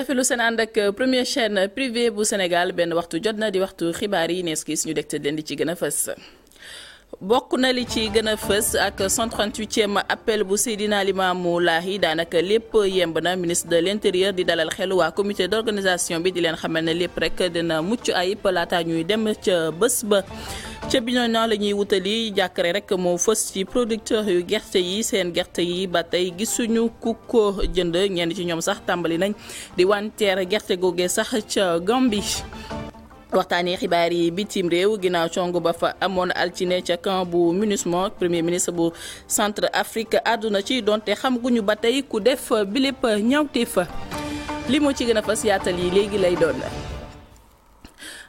rafetlu seen ànd ak euh, première chaîne privée bu Sénégal benn waxtu jot na di waxtu xibaar yi nees gis ñu dégte leen di ci gën a fës. bokk na li ci gën a fës ak 138e appel bu Seydina Limaamu yi daanaka lépp yemb na ministre de l'intérieur di dalal xel waa comité d'organisation bi di leen xamal ne lépp rek dina mucc ay laata ñuy dem ca bés ba. ca Bignona la ñuy wutali jàkkare rek moo fës ci producteur yu gerte yi seen gerte yi ba tey gisuñu ku ko jënd ñenn ci ñoom sax tàmbali nañ di wanteer gerte googee sax ca Gambie. waxtaanee xibaar yi bitim réew ginnaaw cong ba fa amoon altine ca camp bu MINUSMA premier ministre bu centre Afrique àdduna ci donte xam guñu ba tey ku def bilip ñawte fa li moo ci gën a fas yaatal yi léegi lay doon.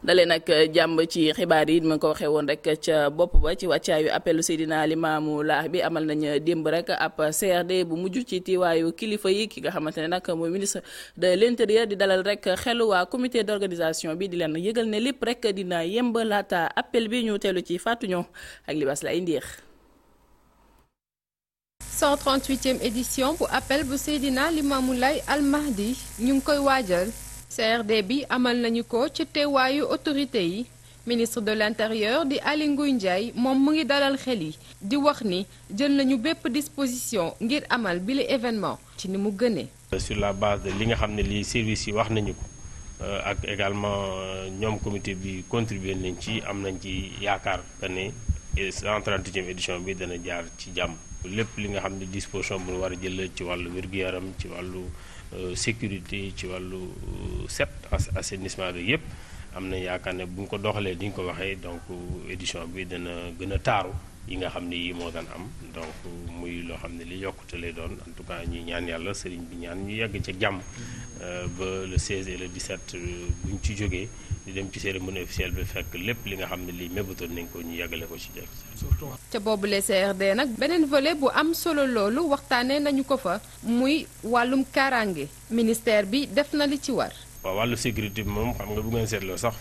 dalee nag jàmb ci xibaar yi ma ko waxee woon rek ca bopp ba ci wàccaayu appelu Seydina Limaamu Laay bi amal nañ démb rek ab CRD bu mujj ci tiiwaayu kilifa yi ki nga xamante ne nag mooy ministre de l'intérieur di dalal rek xelu waa comité d'organisation bi di leen yëgal ne lépp rek dina yemb laata appel bi ñu teelu ci Fatou Niang ak Libaas Laye Ndiir 138e édition bu appel bu Seydina Limaamu Laay Al ñu ngi koy waajal CRD bi amal nañu ko ci teewaayu autorité yi ministre de l'intérieur di Aly Ngouille Ndiaye moom mu ngi dalal xel yi di wax ni jël nañu bépp disposition ngir amal bile événement ci ni mu gënee. sur la base de li nga xam ne lii service yi wax nañu ko euh, ak également euh, ñoom comité bi contribuer nañ ci am nañ ci yaakaar que ne 138e euh, bi dana jaar ci jàmm lépp li nga xam ne disposition bu ñu war a jël ci wàllu wér yaram ci wàllu. Euh, sécurité ci wàllu euh, set assainissement bi yëpp am na yaakaar ne bu ko doxalee di ñu ko waxee donc euh, édition bi dana gën a taaru yi nga xam ne yii moo daan am donc muy loo xam ne li yokkute lay doon en tout cas ñuy ñaan yàlla sëriñ bi ñaan ñu yàgg ca jàmm euh, ba le 16 et le 17 euh, buñ ci jógee di dem ci cérémonie officielle bi fekk lépp li nga xam ne lii mébatoon nañ ko ñu yeggale ko ci jàmm. ca boobu le CRD nag beneen volet bu am solo loolu waxtaanee nañu ko fa muy wàllum kaaraange ministère bi def na li ci war. waaw wàllu sécurité bi moom xam nga bu ngeen seetloo sax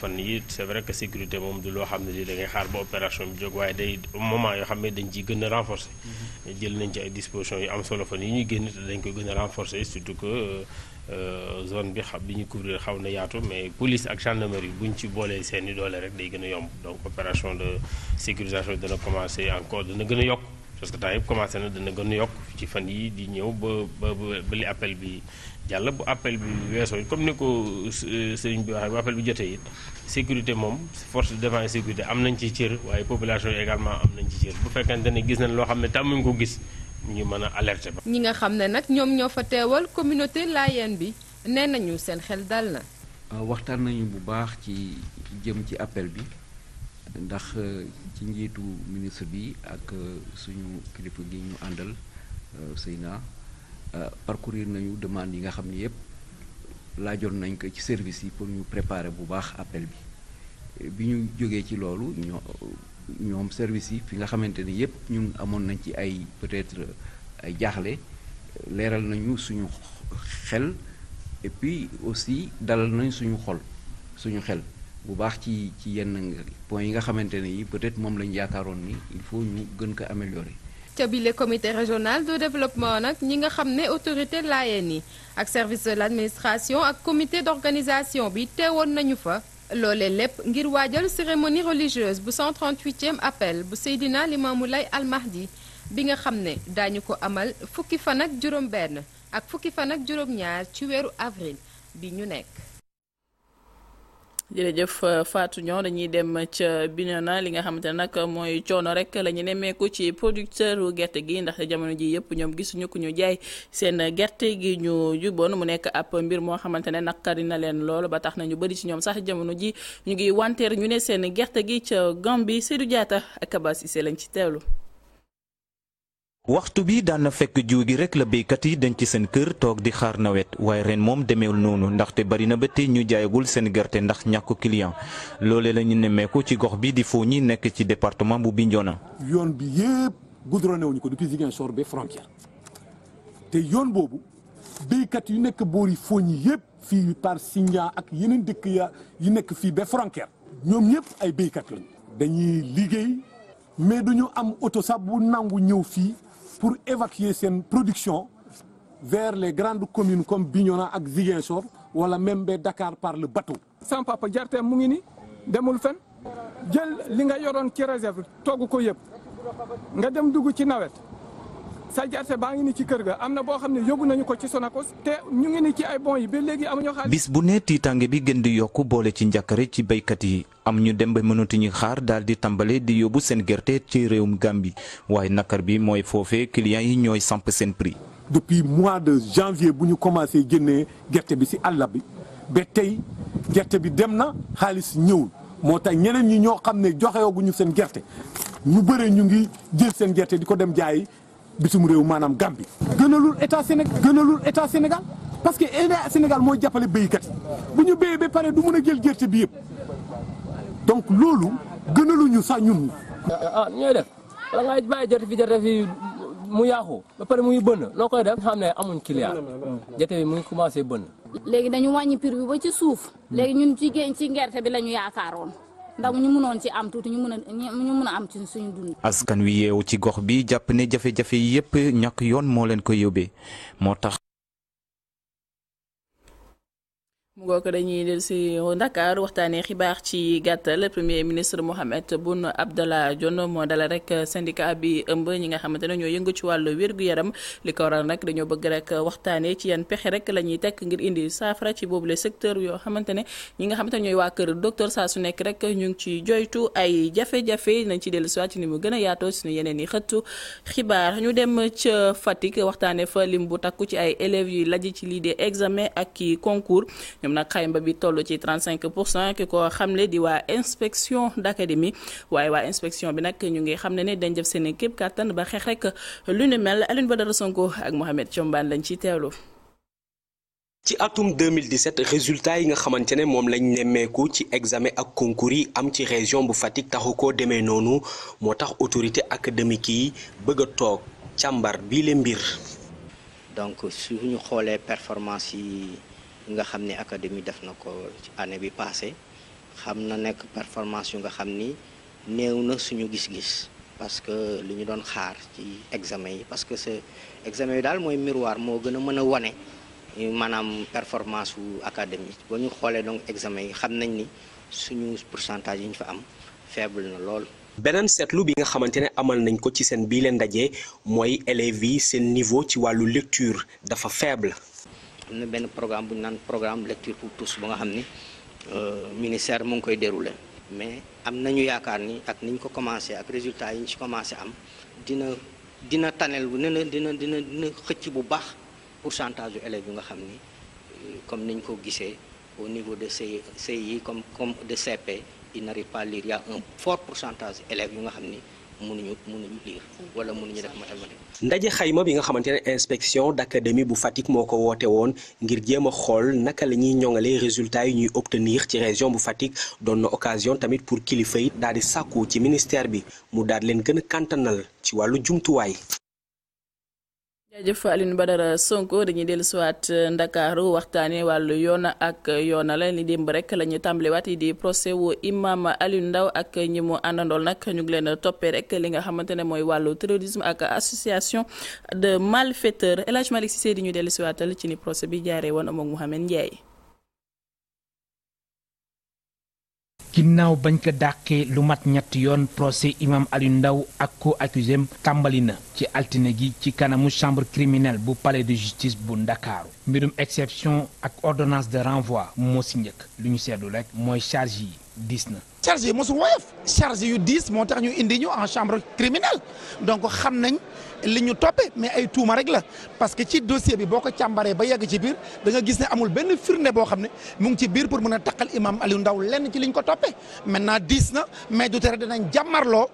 fan yi c'est vrai que sécurité moom du loo xam ne lii dangay xaar ba opération bi jóg waaye day moment yoo xam ne dañ ciy gën a mm-hmm. jël nañ ci ay dispositions am solo fan yi ñuy génn te dañ koy gën a renforcer surtout que euh, zone bi xam bi ñu couvrir xaw na yaatu mais police ak gendarmerie buñ ci boolee seeni i doole rek day gën a yomb donc opération de sécurisation dana commencer encore dana gën a yokk parce que temps yëpp commencé na dana gën a yokk ci fan yi di ñëw ba ba ba li appel yàlla bu appel bi weesoo comme ni ko euh, sëriñ bi waxee bu appel bi jotee it sécurité moom force de défense et sécurité am nañ ci cër waaye population également am nañ ci cër bu fekkente ne gis nañ loo xam ne tàmmuñ ko gis ñu mën a alerter ba. ñi nga xam ne nag ñoom ñoo fa teewal communauté laayeen bi nee nañu seen xel dal na. Euh, waxtaan nañu bu baax ci jëm ci appel bi ndax euh, ci njiitu ministre bi ak suñu kilifa gi ñu àndal Seyna. Euh, parcourir nañu demande yi nga xam ni yëpp laajoon nañ ko ci service yi pour ñu préparer bu baax appel bi bi ñu jógee ci loolu ñoom service yi fi nga xamante ni yëpp ñun amoon nañ ci ay peut-être euh, ay jaaxle leeral nañu suñu xel et aussi dalal nañ suñu xol suñu xel bu baax ci ci yenn points yi nga xamante ne yi peut-être moom lañu yaakaaroon ni il faut ñu gën ko améliorer. ca bile comité régional de développement nag ñi nga xam ne autorité laayeen yi ak service de l'administration ak comité d'organisation bi teewoon nañu fa loole lépp ngir waajal cérémonie religieuse bu 138e appel bu Seydina Limaamu Lay Al Mahdi bi nga xam ne daañu ko amal fukki fan ak juróom benn ak fukki fan ak juróom ñaar ci weeru avril bi ñu nekk jërëjëf euh, Fatou Niang dañuy dem ca Bignona li nga xamante ne nag mooy coono rek la ñu nemmeeku ci producteur gerte gi ndax jamono ji yëpp ñoom gisuñu ko ñu jaay seen gerte gi ñu juboon mu nekk ab mbir moo xamante ne naqari na leen lool ba tax nañu ñu bëri ci ñoom sax jamono ji ñu ngi wanteer ñu ne seen gerte gi ca Gambie Seydou Diatta ak Abba Cissé lañ ci teelu waxtu bi daan na fekk jiw gi rek la béykat yi dañ ci seen kër toog di xaar nawet waaye ren moom demeewul noonu ndaxte bari na ba tey ñu jaayagul seen gerte ndax ñàkku client loole la ñu nemmeeku ci gox bi di Fogny nekk ci département bu Bignona. yoon bi yëpp goudronné wuñu ko depuis Ziguinchor be frontière te yoon boobu béykat yu nekk boori Fogny yëpp fii par Sindia ak yeneen dëkk yi nekk fii ba frontière ñoom ñëpp ay béykat lañu. dañuy liggéey mais duñu am oto sax bu nangu ñëw fii. pour évacuer seen production vers les grandes communes comme Bignona ak Ziguinchor wala même ba Dakar par le bateau. sans papa jarteem mu ngi ni demul fen jël li nga yoroon ci réserve togg ko yëpp nga dem dugg ci nawet. sa gerte baa ngi ni ci kër ga am na boo xam ne yóbbu nañu ko ci Sonacos te ñu ngi ni ci ay bon yi ba léegi amuñu xaalis. bis bu ne tiitaange bi gën di yokk boole ci njàkkare ci béykat yi am ñu dem ba mënatuñu xaar daal di tàmbalee di yóbbu seen gerte ci réewum bi waaye nakar bi mooy foofee clients yi ñooy samp seen prix. depuis mois de janvier bu ñu commencé génnee gerte bi si àll bi ba tey gerte bi dem na xaalis ñëwul moo tax ñeneen ñi ñoo xam ne joxewooguñu seen gerte ñu bëre ñu ngi jël seen gerte di ko dem jaayi bitum réew maanaam Gambie gënalul état Sénégal gënalul état Sénégal parce que état Sénégal mooy jàppale béykat yi bu ñu béyee ba pare du mun a jël gerte bi yëpp donc loolu gënaluñu sax ñun. ah ñooy def wala ngay bàyyi gerte fi gerte fi mu yaaxu ba pare muy bënn loo koy def xam ne amuñ client gerte bi mu ngi commencé bënn. léegi dañu wàññi prix bi ba ci suuf léegi ñun jigéen ci gerte bi la ñu yaakaaroon. ndax ñu mënoon ci am tuuti ñu mën a ñu mën am ci suñu dund. askan wi yeewu ci gox bii jàpp ne jafe-jafe yépp ñàkk yoon moo leen ko yóbbee moo tax. mu ngoo ko dañuy del si Dakar waxtaanee xibaar ci gàttal premier ministre Mohamed Boun Abdallah Dionne moo dala rek syndicat bi ëmb ñi nga xamante ne ñoo yëngu ci wàllu wér-gu-yaram li ko waral nag dañoo bëgg rek waxtaanee ci yan pexe rek la ñuy tekk ngir indi saafara ci boobule secteur yoo xamante ne ñi nga xamante ne ñooy waa kër docteur saa su nekk rek ñu ngi ci joytu ay jafe-jafe nañ ci dellu si waat ni mu gën yaatoo yaatoo suñu yeneen yi xëttu xibaar ñu dem ca Fatick waxtaanee fa lim bu takku ci ay élèves yuy laj ci lii des examen ak i concours ñoom nag xayma bi toll ci 35 pour cent ki ko di waa inspection d'académie waaye waa inspection bi nag ñu ngi xam ne ne dañ def seen képp kàttan ba xeex rek lu ne mel Alioune Badara Sonko ak Mohamed Thiombane lañ ciy atum résultat yi nga xamante ne moom lañ nemmeeku ci examen ak concours yi am ci région bu Fatick taxu koo demee noonu moo tax autorité académique yi bëgg a toog càmbar bii le mbir. donc suñu xoolee performance yi. nga xam ne académie def na ko ci année bi passé xam na nekk performance yu nga xam ni néew na suñu gis-gis parce que li ñu doon xaar ci examen yi parce que ce examen yi daal mooy miroir moo gën a mën a wane maanaam performance wu académie ba ñu xoolee donc examen yi xam nañ ni suñu pourcentage yi ñu fa am faible na lool. beneen seetlu bi nga xamante ne amal nañ ko ci seen bii ndaje mooy élèves yi seen niveau ci wàllu lecture dafa faible. am na benn programme bu ñu naan programme lecture pour tous ba nga xam ni euh, ministère mu ngi koy dérouler mais am nañu yaakaar ni ak ni ñu ko commencé ak résultat yi ñu ci commencé am dina dina tanel bu dina dina dina dina xëcc bu baax pourcentage yu élèves yu nga xam ni euh, comme niñ ko gisee au niveau de CI CI comme comme de cep il n'arrive pas à lire il y a fort pourcentage élèves yu nga xam ni. mënuñu mënuñu lire wala mënuñu def mathématique. ndaje xayma bi nga xamante ne inspection d'académie bu Fatick moo ko woote woon ngir jéem a xool naka la ñuy ñoŋalee résultats yi ñuy obtenir ci région bu Fatick doon na occasion tamit pour kilifa yi daal di sàkku ci ministère bi mu daal leen gën a kàntanal ci wàllu jumtuwaay. jaajëf ba dara Sonko dañuy dellu siwaat euh, ndakaaru waxtaanee wàllu yoon ak yoonale li démb rek la ñu tàmbaliwaat yi di procès wu imam Alioune ndaw ak ñi mu àndandool nag ñu ngi leen toppee rek li nga xamante ne mooy wàllu terrorisme ak association de malfaiteurs El Hadj Malick Cissé ñu dellu siwaatal ci ni procès bi jaaree woon moom Mouhamed Ndiaye. ginnaaw bañ ko dàqee lu mat ñetti yoon procès imam Alioune Ndao ak ko accusé tàmbali na ci altine gi ci kanamu chambre criminelle bu palais de justice bu ndakaaru mbirum exception ak ordonnance de renvoi moo si njëkk lu ñu seetlu rek mooy charge yi diis na charge yi mosu woyof charge yu diis moo tax ñu indi ñu en chambre criminelle donc xam nañ li ñu toppee mais ay tuuma rek la parce que ci dossier bi boo ko càmbaree ba yegg ci biir da nga gis ne amul benn firne boo xam ne mu ngi ci biir pour mën a taqal imam Aliou Ndao lenn ci liñ ko toppee maintenant diis na mais du tere dinañ jàmmarloo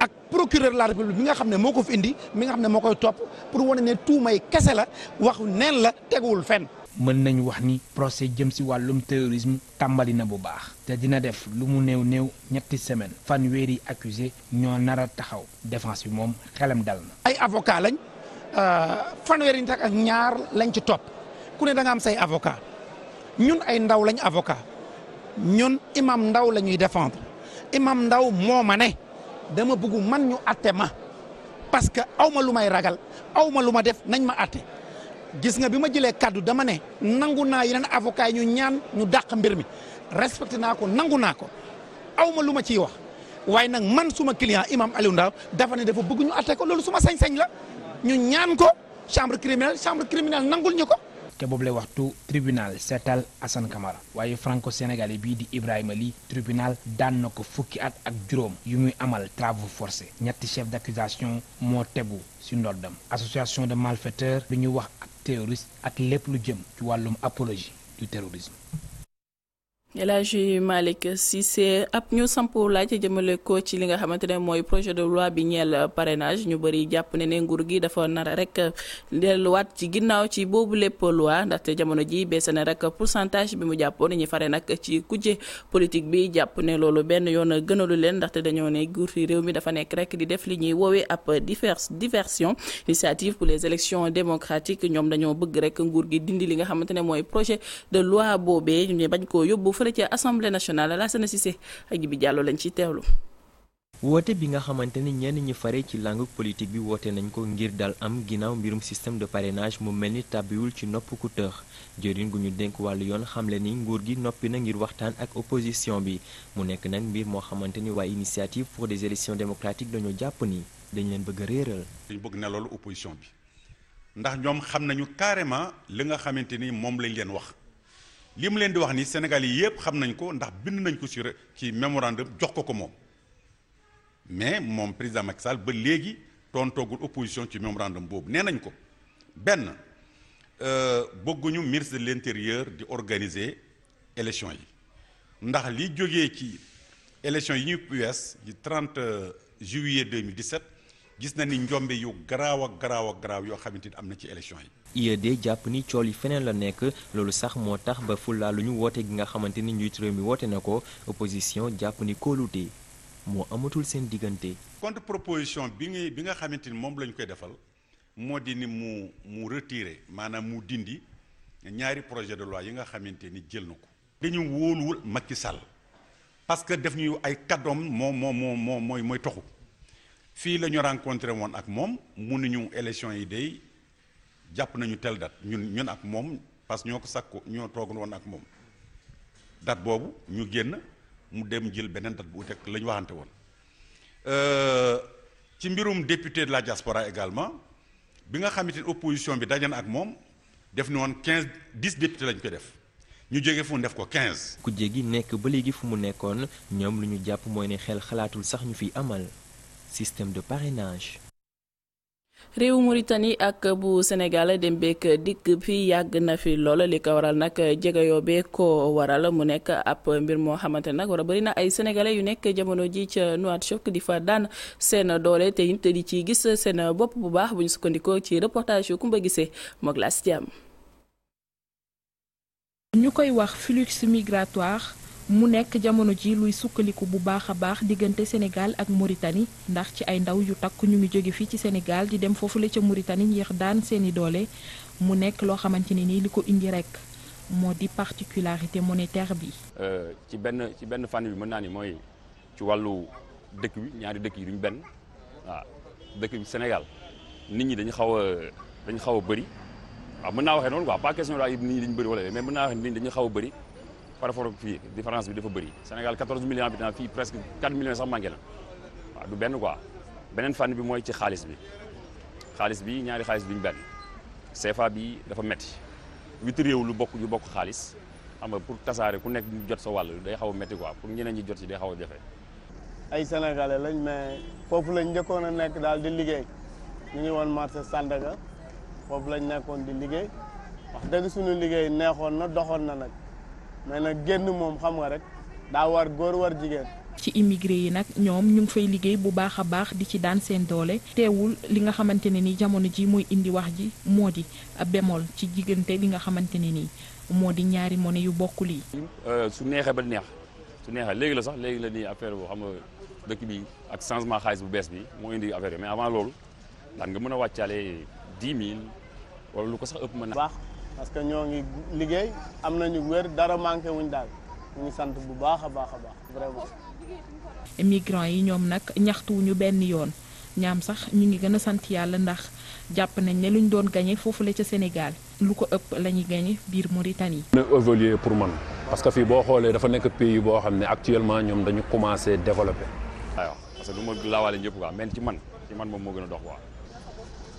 ak procureur la république bi nga xam ne moo ko fi indi mi nga xam ne moo koy topp pour wane ne tuumay kese la waxu neen la teguwul fenn. mën nañu wax ni procès jëm si wàllum terrorisme tàmbali na bu baax te dina def lu mu néew néew ñetti semaine fanweeri accusé ñoo nar a taxaw défense bi moom xelam dal na. ay avocat lañ euh, fanweeri nit ak ñaar lañ ci topp ku ne da nga am say avocat ñun ay ndaw lañ avocat ñun imam ndaw la ñuy défendre imam ndaw moo ma ne dama bëgg man ñu atte ma parce que aw ma lu may ragal awma lu ma def nañ ma atte gis nga bi ma jëlee kàddu dama ne nangu naa yeneen avocat yi ñu ñaan ñu dàq mbir mi respecté naa ko nangu naa ko aw ma lu ma ciy wax waaye nag man suma client imam Aliou Ndao dafa ne dafa bëgg ñu atte ko loolu suma sañ-sañ la ñu ñaan ko chambre criminelle chambre criminelle nangul ñu ko. te boobu lay waxtu tribunal seetal Assane Camara waaye franco sénégalais bii di Ibrahima Ly tribunal daan na ko fukki at ak juróom yu muy amal travaux forcés ñetti chef d' accusation moo tegu ci ndoddam association de malfaiteurs bi ñu wax. terroriste ak lépp lu jëm ci wàllum apologie du terrorisme El Hadji Malick Cissé ab ñu samp laaj jëmale ko ci li nga xamante ne mooy projet de loi bi ñeel parrainage ñu bëri jàpp ne ne nguur gi dafa nar rek delluwaat ci ginnaaw ci boobu lépp loi ndaxte jamono ji bees na pour centage bi mu jàppoon ñu fare nag ci kujje politique bi jàpp ne loolu benn yoon gënalu leen ndaxte dañoo ne nguur fi réew mi dafa nekk rek di def li ñuy woowee ab divers diversion initiative pour les élections démocratiques ñoom dañoo bëgg rek nguur gi dindi li nga xamante ne mooy projet de loi boobee ñu bañ koo yóbbu fële ci assemblée nationale Lassana Cissé ak Gibi Diallo lañ ciy woote bi nga xamante ni ñenn ñi fare ci langue politique bi woote nañ ko ngir dal am ginnaaw mbirum système de parrainage mu mel ni tàbbiwul ci nopp ku tëx jëriñ gu ñu dénk wàllu yoon xamle ni nguur gi noppi na ngir waxtaan ak opposition bi mu nekk nag mbir moo xamante ni waaye initiative pour des élections démocratiques dañoo jàpp ni dañ leen bëgg a réeral. dañ bëgg ne loolu opposition bi ndax ñoom xam nañu carrément li nga xamante ni moom lañ leen wax. li mu leen di wax ni Sénégal yi yëpp xam nañ ko ndax bind nañ ko ci ci mémorandum jox ko ko moom mais moom président Macky Sall ba léegi tontoogul opposition ci mémorandum boobu nee nañ ko benn euh, bëgguñu ministre de l'intérieur di organiser élection yi ndax li jógee ci élection yi ñu US yi 30 juillet 2017 gis na ni njombe yu garaaw ak garaaw ak garaaw yoo xamante ni am na ci élection yi IED jàpp ni cool yi feneen la nekk loolu sax moo tax ba fulaa lu ñu woote gi nga xamante ni njiit réew mi woote na ko opposition jàpp ni kóolute moo amatul seen diggante. contre proposition bi nga bi nga xamante ni moom lañu koy defal moo di ni mu mu retiré maanaam mu dindi ñaari projet de loi yi nga xamante ni jël na ko. dañu wóoluwul Macky Sall parce que def ñu ay kàddoom moom moom mooy mooy toxu fii la ñu rencontré woon ak moom mënuñu élection yi day jàpp nañu tel date ñun ñun ak moom parce que ñoo ko sakku ñoo toogoon woon ak moom date boobu ñu génn mu dem jël beneen date bu ut ak la ñu waxante woon euh, ci mbirum député de la diaspora également bi nga xamante ni opposition bi daje ak moom def ni woon quinze dix député lañ koy def ñu jóge fu def ko quinze. kujje gi nekk ba léegi fu mu nekkoon ñoom lu ñu jàpp mooy ne xel xalaatul sax ñu fiy amal système de parrainage. réew Mauritanie ak bu Sénégal dem beek dikk bi yàgg na fi loola li ko waral nag jegeyoo bee ko waral mu nekk ab mbir moo xamante nag war a na ay sénégalais yu nekk jamono ji ca Nouakchott di fa daan seen doole te it di ci gis seen bopp bu baax buñu sukkandikoo ci reportage yu Kumba Gisee moog Las mu nekk jamono ji luy sukkaliku bu baax a baax diggante Sénégal ak Mauritanie ndax ci ay ndaw yu takk ñu ngi jóge fii ci Sénégal di dem foofu foofule ca Mauritanie ngir daan seeni doole mu nekk loo xamante ne nii li ko indi rekk moo di particularité monétaire bi. Euh, ci benn ci benn fànn bi mën naa ni mooy ci wàllu dëkk bi ñaari dëkk yi duñu benn waaw dëkk bi Sénégal nit ñi dañu xaw a dañu xaw a bëri waaw mën naa waxee noonu quoi pas question daal nit ñi naa waxee nit ñi dañu xaw a bëri. par rapport ak fii différence bi dafa bëri Sénégal 14 millions habitants fii presque 4 millions sax manqué na waaw benn quoi beneen fànn bi mooy ci xaalis bi xaalis bi ñaari xaalis bi ñu benn CFA bi dafa metti huit réew lu bokk ñu bokk xaalis xam pour tasaare ku nekk jot sa wàll day xaw a pour ñeneen ñi jot ci day xaw a jafe. ay sénégalais lañ mais foofu lañ njëkkoon a nekk daal di liggéey ñu ngi woon Sandaga foofu lañ nekkoon di liggéey wax dëgg suñu liggéey neexoon na doxoon na nag. mais nag génn moom xam nga rek daa war góor war jigéen. ci immigré yi nag ñoom ñu ngi fay liggéey bu baax a baax di ci daan seen doole teewul li nga xamante ne ni jamono ji mooy indi wax ji moo di bémol ci diggante li nga xamante ne nii moo di ñaari monnaie yu bokkul yi. Euh, su neexee ba neex su neexee léegi la sax léegi la nii affaire boo xam nga dëkk bi ak changement xaalis bu bees bi moo indi affaire bi mais avant loolu daan nga mën a wàccaale dix mille lu ko sax ëpp mën na. parce que ñoo ngi liggéey am na ñu wér dara manqué wuñ daal ñu ngi sant bu baax a baax a baax vraiment. migrants yi ñoom nag ñaxtuwuñu benn yoon ñaam sax ñu ngi gën a sant yàlla ndax jàpp nañ ne ñu doon gañe foofu la ca Sénégal lu ko ëpp la ñuy gañe biir Mauritanie. dina évoluer pour man parce que fii boo xoolee dafa nekk pays boo xam ne actuellement ñoom dañu commencé développer. waaw parce que du ma laawaale ñëpp quoi mais ci man ci moom moo gën a dox quoi.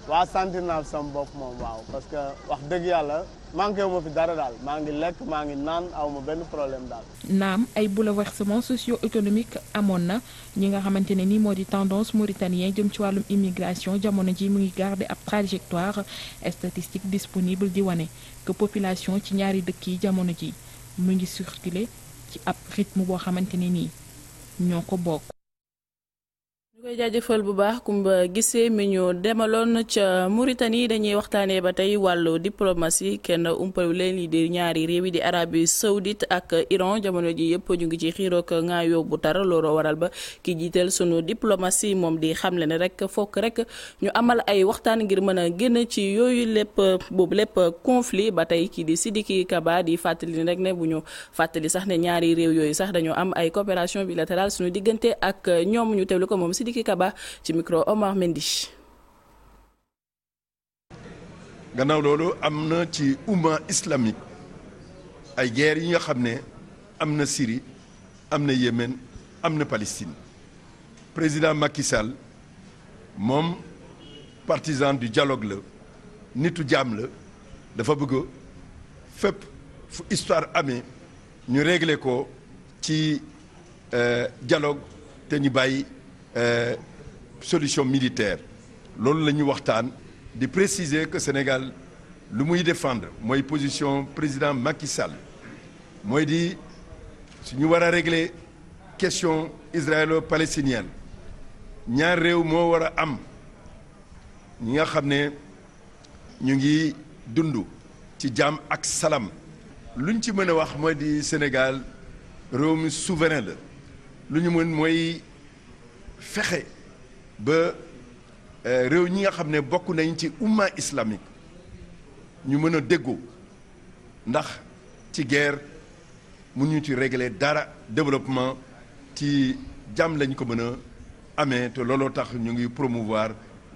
waa sentir naa sama bopp moom waaw parce que wax dëgg yàlla manqué wu ma fi dara daal maa ngi lekk maa ngi naan aw ma benn problème daal. naam ay bouleversement socio économique amoon na ñi nga xamante ne ni moo di tendance mauritanien jëm ci wàllum immigration jamono ji mu ngi garder ab trajectoire statistique disponible di wane que population ci ñaari dëkk yi jamono ji mu ngi circuler ci ab rythme boo xamante ne nii ñoo ko bokk. koy jaajëfal bu baax Kumba Gissé mi ñu demaloon ca Mauritanie dañuy waxtaanee ba tey wàllu diplomatie kenn umpale leen yi di ñaari réew yi di Arabie Saoudite ak Iran jamono ji yëpp ñu ngi ci xiiroog ngaayoo bu tar looloo waral ba ki jiital sunu diplomatie moom di xamle ne rek fokk rek ñu amal ay waxtaan ngir mën a génn ci yooyu lépp boobu lépp conflit ba tey kii di Sidiki Kaba di fàttali rek ne bu fàttali sax ne ñaari réew yooyu sax dañoo am ay coopération Sidiki Kaba ci micro Omar Mendy. gannaaw loolu am na ci umma islamique ay guerre yi nga xam ne am na siri am na Yémen am na Palestine président Macky moom partisan du dialogue la nitu jaam la dafa bëgg fépp fu histoire amee ñu régle ko ci euh, dialogue te ñu bàyyi Euh, solution militaire loolu la ñu waxtaan di préciser que Sénégal lu muy défendre mooy position président Macky Sall mooy di su ñu war a régler question israélo-palestinienne ñaar réew moo war a am ñi nga xam ne ñu ngi dund ci jàmm ak salam luñ ci mën a wax mooy di Sénégal réew mi souverain la lu ñu mën mooy. fexe ba euh, réew ñi nga xam ne bokk nañ ci umma islamique ñu mën a déggoo ndax ci guerre mun ñu ci régler dara développement ci jàmm lañ ko mën a amee te looloo tax ñu ngi promouvoir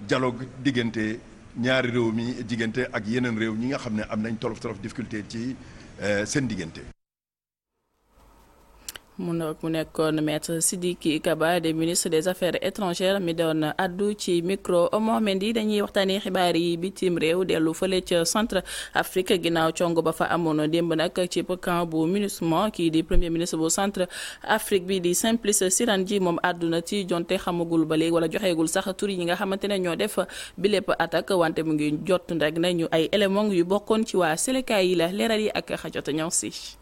jaloog diggante ñaari réew mi diggante ak yeneen réew ñi nga xam ne am nañ tolof tolof difficulté ci euh, seen diggante mu mu nekkoon maître Sidiki Kaba des ministre des affaires étrangères mi doon addu ci micro Mohamed yi dañuy waxtaanee xibaar yi bitim réew delu fële ca centre Afrique ginnaaw cong ba fa amoon démb nag ci camp bu MINUSMA kii di premier ministre bu centre Afrique bi di Simplice ji moom àdduna ci jonte xamagul ba léegi wala joxeegul sax tur yi nga xamante ne ñoo def bi lépp attaque wante mu ngi jot rek nañu ay éléments yu bokkoon ci waa Seleka yi la leeral yi ak xajota ñaw si.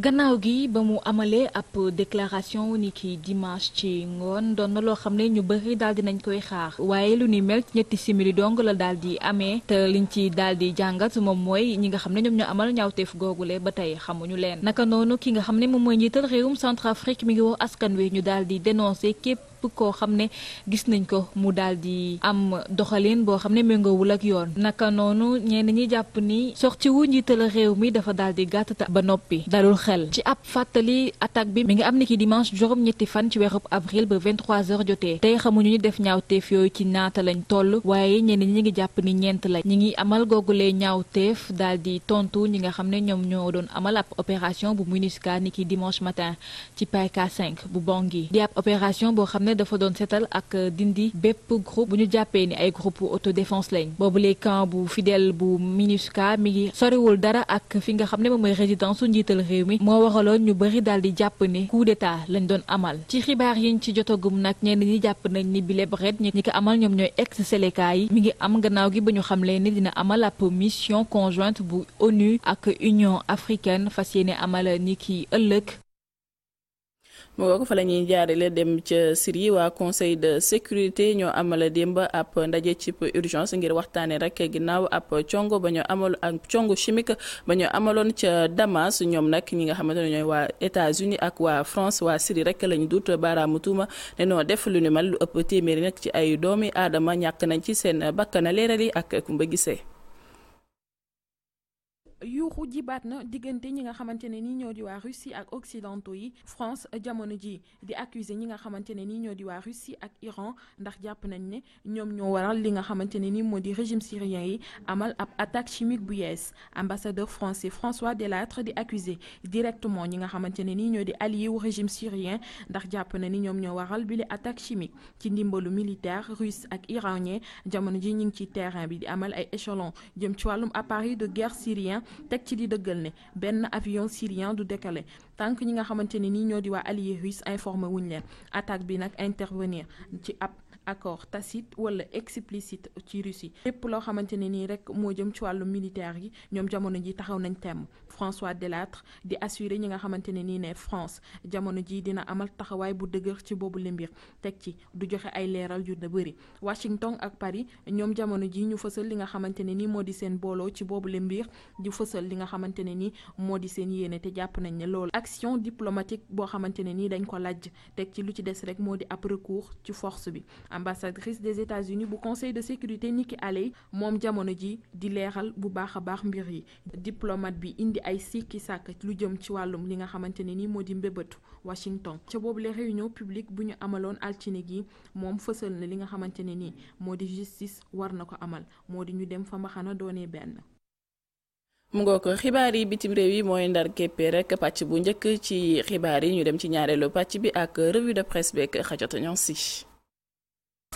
gannaaw gi ba mu amalee ab déclaration ni ki dimanche ci ngoon doon na loo xam ne ñu bëri daal di nañ koy xaar waaye lu ni mel ci ñetti simili dong la daal di amee te li ñu ci daal di jàngat moom mooy ñi nga xam ne ñoom ñu amal ñaawteef googule ba tey xamuñu leen naka noonu ki nga xam ne moom mooy njiital réewum Centrafrique mi ngi woo askan wi ñu daal di dénoncé képp. képp koo xam ne gis nañ ko mu daal di am doxalin boo xam ne méngoowul ak yoon naka noonu ñenn ñi jàpp ni sorti wu njiital réew mi dafa daal di gàttata ba noppi dalul xel ci ab fàttali attaque bi mi ngi am ni ki dimanche juróom-ñetti fan ci weerub avril ba 23h jotee tey xamuñu ñu def ñaawteef yooyu ci naata lañ toll waaye ñenn ñi ngi jàpp ni ñeent lañ ñi ngi amal googulee ñaawteef daal di tontu ñi nga xam ne ñoom ñoo doon amal ab opération bu MINUSCA ni ki dimanche matin ci PK ne dafa doon seetal ak euh, dindi bépp groupe bu ñu jàppee ni ay groupe autodéfense lañ boobulee camp bu fidèle bu MINUSCA mi ngi soriwul dara ak fi nga xam ne moom mooy résidence su njiital réew mi moo waraloon ñu bëri daal jàpp ni coup d'état lañ doon amal ci xibaar yiñ ci jotagum nag ñenn ñi jàpp nañ ni bi lebret ñi ko amal ñoom ñooy ex seleka yi mi ngi am gannaaw gi ba ñu xamle ni dina amal ab mission conjointe bu ONU ak Union africaine fas mu nga ko fa la ñuy jaarale dem ca Syrie waa conseil de sécurité ñoo amala démb ab ndaje ci urgence ngir waxtaane rek ginnaaw ab congo ba ñoo amal ak congo chimique ba amaloon ca Damas ñoom nag ñi nga xamante ne ñooy waa États-Unis ak waa France waa Syrie rek lañu duut baaraamu tuuma ne def lu ni mel lu ëpp téeméeri nag ci ay doomi aadama ñàkk nañ ci seen bakkana leeral yi ak Kumba Gisee yuuxu jibaat na diggante ñi nga xamante ne nii ñoo di waa Russie ak occidentaux yi France jamono ji di accuser ñi nga xamante ne nii ñoo di waa Russie ak Iran ndax jàpp nañ ne ñoom ñoo waral li nga xamante ne nii moo di régime syrien yi amal ab attaque chimique bu yees ambassadeur français François Delattre di accuser directement ñi nga xamante ne nii ñoo di allié wu régime syrien ndax jàpp na ni ñoom ñoo waral bile attaque chimique ci ndimbalu militaire russe ak iranien jamono ji ñu ngi ci terrain bi di amal ay échelon jëm ci wàllum appareil de guerre syrien teg ci di dëggal ne benn avion syrien du décoller tant que ñi nga xamante ni nii ñoo di waa allié russe informé wuñ leen attaque bi nag intervenir ci ab accord tacite wala explicite ci Russie lépp loo xamante ne nii rek moo jëm ci wàllu militaire yi ñoom jamono ji taxaw nañ temm François Delattre di assuré ñi nga xamante ne nii ne France jamono ji dina amal taxawaay bu dëgër ci boobu le mbir teg ci du joxe ay leeral yu da bëri Washington ak Paris ñoom jamono ji ñu fësal li nga xamante ne nii moo di seen booloo ci boobu le mbir fësal li nga xamante ne ni moo di seen yéene te jàpp nañ ne loolu action diplomatique boo xamante ne ni dañ ko lajj teg ci lu ci des rek moo di ab recours ci force bi ambassadrice des États-Unis bu conseil de sécurité Nikki Haley moom jamono ji di leeral bu baax a baax mbir yi diplomate bi indi ay sikki sàkk lu jëm ci wàllum li nga xamante ne ni moo di mbébétu Washington ca boobu les ñëw publique bu ñu amaloon altine gi moom fësal na li nga xamante ne ni moo di justice war na ko amal moo di ñu dem fa mbaxana doonee benn mu xibaar yi bitim réew yi mooy ndar képpee rek pàcc bu njëkk ci xibaar yi ñu dem ci ñaareelu pàcc bi ak revue de presse beeg xajata ñoom si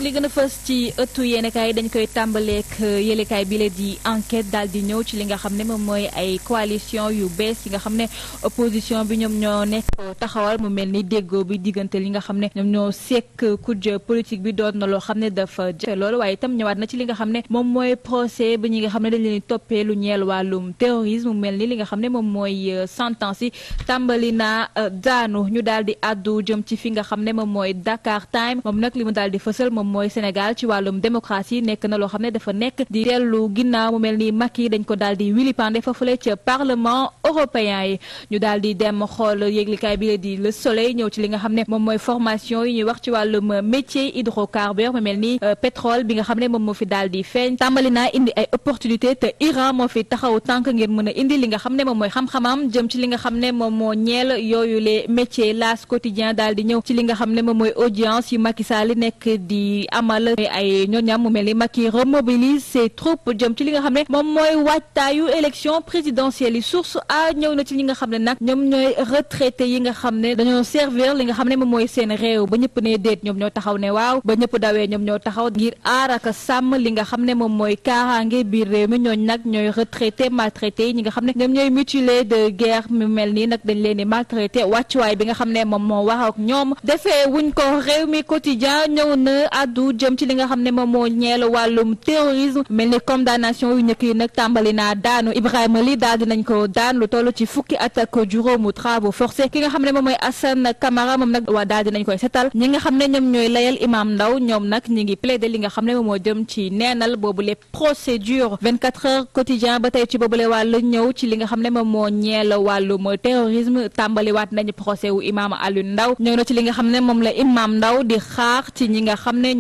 li gën a fës ci ëttu yéenekaay dañ koy tàmbaleek euh, yéenekaay bi la di enquête daal di ñëw ci li nga xam ne moom mooy ay coalition yu bees yi nga xam ne opposition bi ñoom ñoo nekk taxawal mu mel ni déggoo bi diggante li nga xam ne ñoom ñoo sekk kujje politique bi doon na loo xam ne dafa jafe loolu waaye itam ñëwaat na ci li nga xam ne moom mooy procès bi ñi nga xam ne dañ leen toppee lu ñeel wàllum terrorisme mu mel ni li nga xam ne moom mooy euh, sentence yi tàmbali na euh, daanu ñu daal di àddu jëm ci fi nga xam ne moom mooy Dakar Time li mu daal di fësal moom moom mooy Sénégal ci wàllum démocratie nekk na loo xam ne dafa nekk di dellu ginnaaw mu mel ni Macky dañ ko daal di wili pande foofule ca parlement européen yi ñu daal di dem xool yéglikaay bi di Le Soleil ñëw ci li nga xam ne moom mooy formation yi ñuy wax ci wàllum métier hydrocarbure mu mel ni euh, pétrole bi nga xam ne moom moo fi daal di feeñ tàmbali naa indi ay opportunité te Iran moo fi taxaw tànk ngir mën a indi li nga xam ne moom mooy xam xam di amal ay ñoñam mu mel ni Macky remobilise ses troupes jëm ci li nga xam ne moom mooy waajtaayu élection présidentielle yi source a ñëw na ci ñi nga xam ne nag ñoom ñooy retraité yi nga xam ne dañoo li nga xam ne moom mooy seen réew ba ñëpp ne déet ñoom ñoo taxaw ne waaw ba ñëpp dawee ñoom ñoo taxaw ngir li nga xam ne moom mooy kaaraange biir réew mi ñooñ nag ñooy retraité maltraité yi ñi nga xam ne ñoom ñooy mutilé de guerre mu mel nii nag dañ leen di maltraité wàccuwaay bi nga xam ne moom moo wax ñoom defee wuñ ko réew mi quotidien ñëw na addu jëm ci li nga xam ne moom moo ñeel wàllum terrorisme mel ni condamnation yu njëkk yi nag tàmbali naa daanu Ibrahima li daal ko daan lu toll ci fukki at ak juróomu travaux forcés ki nga xam ne moom mooy Assane Camara moom nag waa daal dinañ koy setal ñi nga xam ne ñoom ñooy layal Imam Ndaw ñoom nag ñi ngi plaider li nga xam ne moom moo jëm ci neenal boobu les procédures 24 heures quotidien ba tey ci boobule wàllu ñëw ci li nga xam ne moom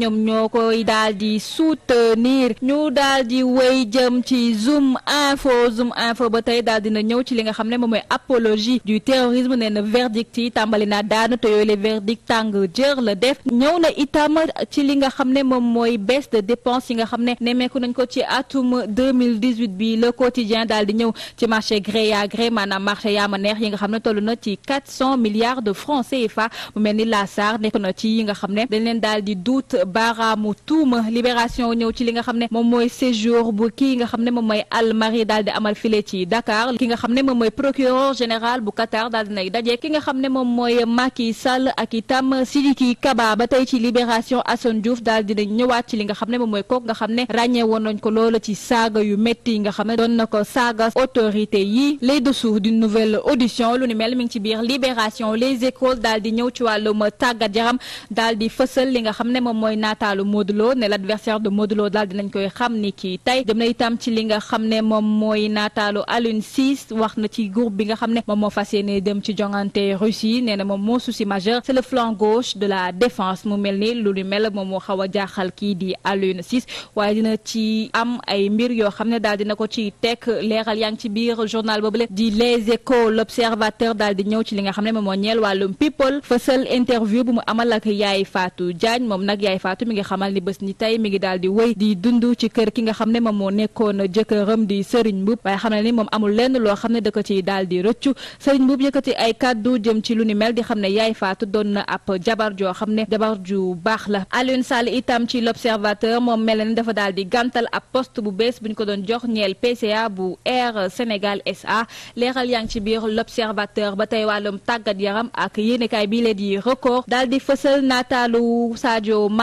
ñoom ñoo koy daal di soutenir ñu daal di wéy jëm ci zoom info zoom info ba tey daal na ñëw ci li nga xam ne moom mooy apologie du terrorisme nee na verdict yi tàmbali naa daanu te yooyu les verdicts tàng jër la def ñëw na itam ci li nga xam ne moom mooy baisse de dépense yi nga xam ne nemmeeku nañ ko ci atum 2018 bi le quotidien daal di ñëw ci marché gré à gré maanaam marché yaama neex yi nga xam ne toll na ci 400 milliards de francs CFA mu mel ni la SAR nekk na ci baaraamu tuuma libération ñëw ci li nga xam ne moom mooy séjour bu kii nga xam ne moom mooy almari daal di amal file ci Dakar ki nga xam ne moom mooy procureur général bu Qatar daal di nay daje ki nga xam ne moom mooy Macky Sall ak itam Sidiki Kaba ba tey ci libération Assane Diouf daal di nañ ñëwaat ci li nga xam ne moom mooy kook nga xam ne ràññee woon nañ ko loola ci saaga yu métti yi nga xam ne doon na ko saaga autorité yi les dessous d'une nouvelle audition lu ni mel mi ngi ci biir libération les écoles daal di ñëw ci wàllum tàggat yaram daal di fësal li nga mooy naataalu Modou Lo ne l'adversaire de Modou Lo daal dinañ koy xam ni kii tey dem na itam ci li nga xam ne moom mooy naataalu Alioune Cisse wax na ci groupe bi nga xam ne moom moo fas yéene dem ci jongante Russie nee na moom moo souci majeur c'est le flanc gauche de la défense mu mel ni lu lu mel moom moo xaw a jaaxal kii di Alioune Cisse waaye dina ci am ay mbir yoo xam ne daal dina ko ci tek leeral yaa ngi ci biir journal boobule di Les Échos l'Observateur daal di ñëw ci li nga xam ne moom moo ñeel wàllum people fësal bu mu amal ak Yaay Fatou Diagne moom nag yaay Ndiaye Fatou mi ngi xamal ni bés ni tey mi ngi daal di wëy di dund ci kër ki nga xam ne moom moo nekkoon jëkkëram di Serigne Mboup waaye xam ne ni moom amul lenn loo xam ne da ko ciy daal di rëccu Serigne Mboup yëkkati ay kàddu jëm ci lu ni mel di xam ne Yaay Fatou doon na ab jabar joo xam ne jabar ju baax la Alioune Sall itam ci l'observateur moom mel ni dafa daal di gàntal ab post bu bees bu ñu ko doon jox ñeel PCA bu Air Sénégal SA leeral yaa ngi ci biir l'observateur ba tey wàllum tàggat yaram ak yéenekaay bii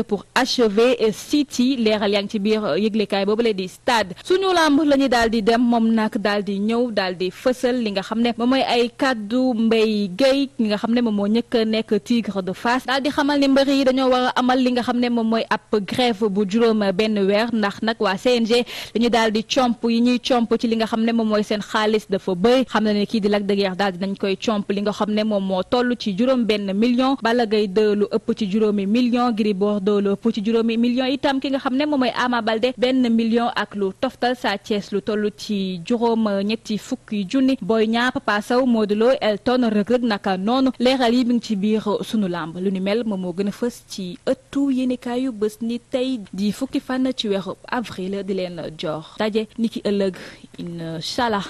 Ligue pour achever City leeral yaa ngi ci biir euh, yëglekaay boobu la di stade suñu làmb la ñuy daal di dem moom nag daal di ñëw daal di fësal li nga xam ne moom mooy ay kaddu Mbaye Guèye li nga xam ne moom moo ñëkk a nekk Tigre de Fass daal di xamal ni mbër yi dañoo war a amal li nga xam ne moom mooy ab grève bu juróom benn weer ndax nag waa CNG dañu daal di comp yi ñuy comp ci li nga xam ne moom mooy seen xaalis dafa bëri xam na ne kii di Lac de Guiers daal dinañ koy comp li nga xam ne moom moo toll ci juróom benn million Balla Gaye àndoo lu ëpp ci juróomi million itam ki nga xam ne moom mooy Ama Baldé benn million ak lu toftal Sa Thiès lu toll ci juróom euh, ñetti fukki junni Boy Niang Papa Sow Modou Lo Elton Reug Reug naka noonu leeral yi mi ngi ci biir euh, sunu làmb lu ni mel moom moo gën a fës ci ëttu yéenekaayu bés ni tey di fukki fan ci weeru avril di leen jox daje ni ki ëllëg incha allah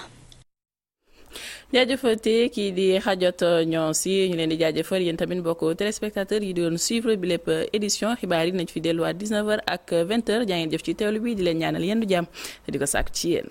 jaajëfatee kii di xajot ñoo si ñu leen di jaajëfal yéen tamit mbokk téléspectateurs yi doon suivre bi lépp édition xibaar yi nañ fi delluwaat 19h ak 20h jaa ngi jëf ci teewlu bi di leen ñaanal yendu jàmm di ko sàkk ci yéen.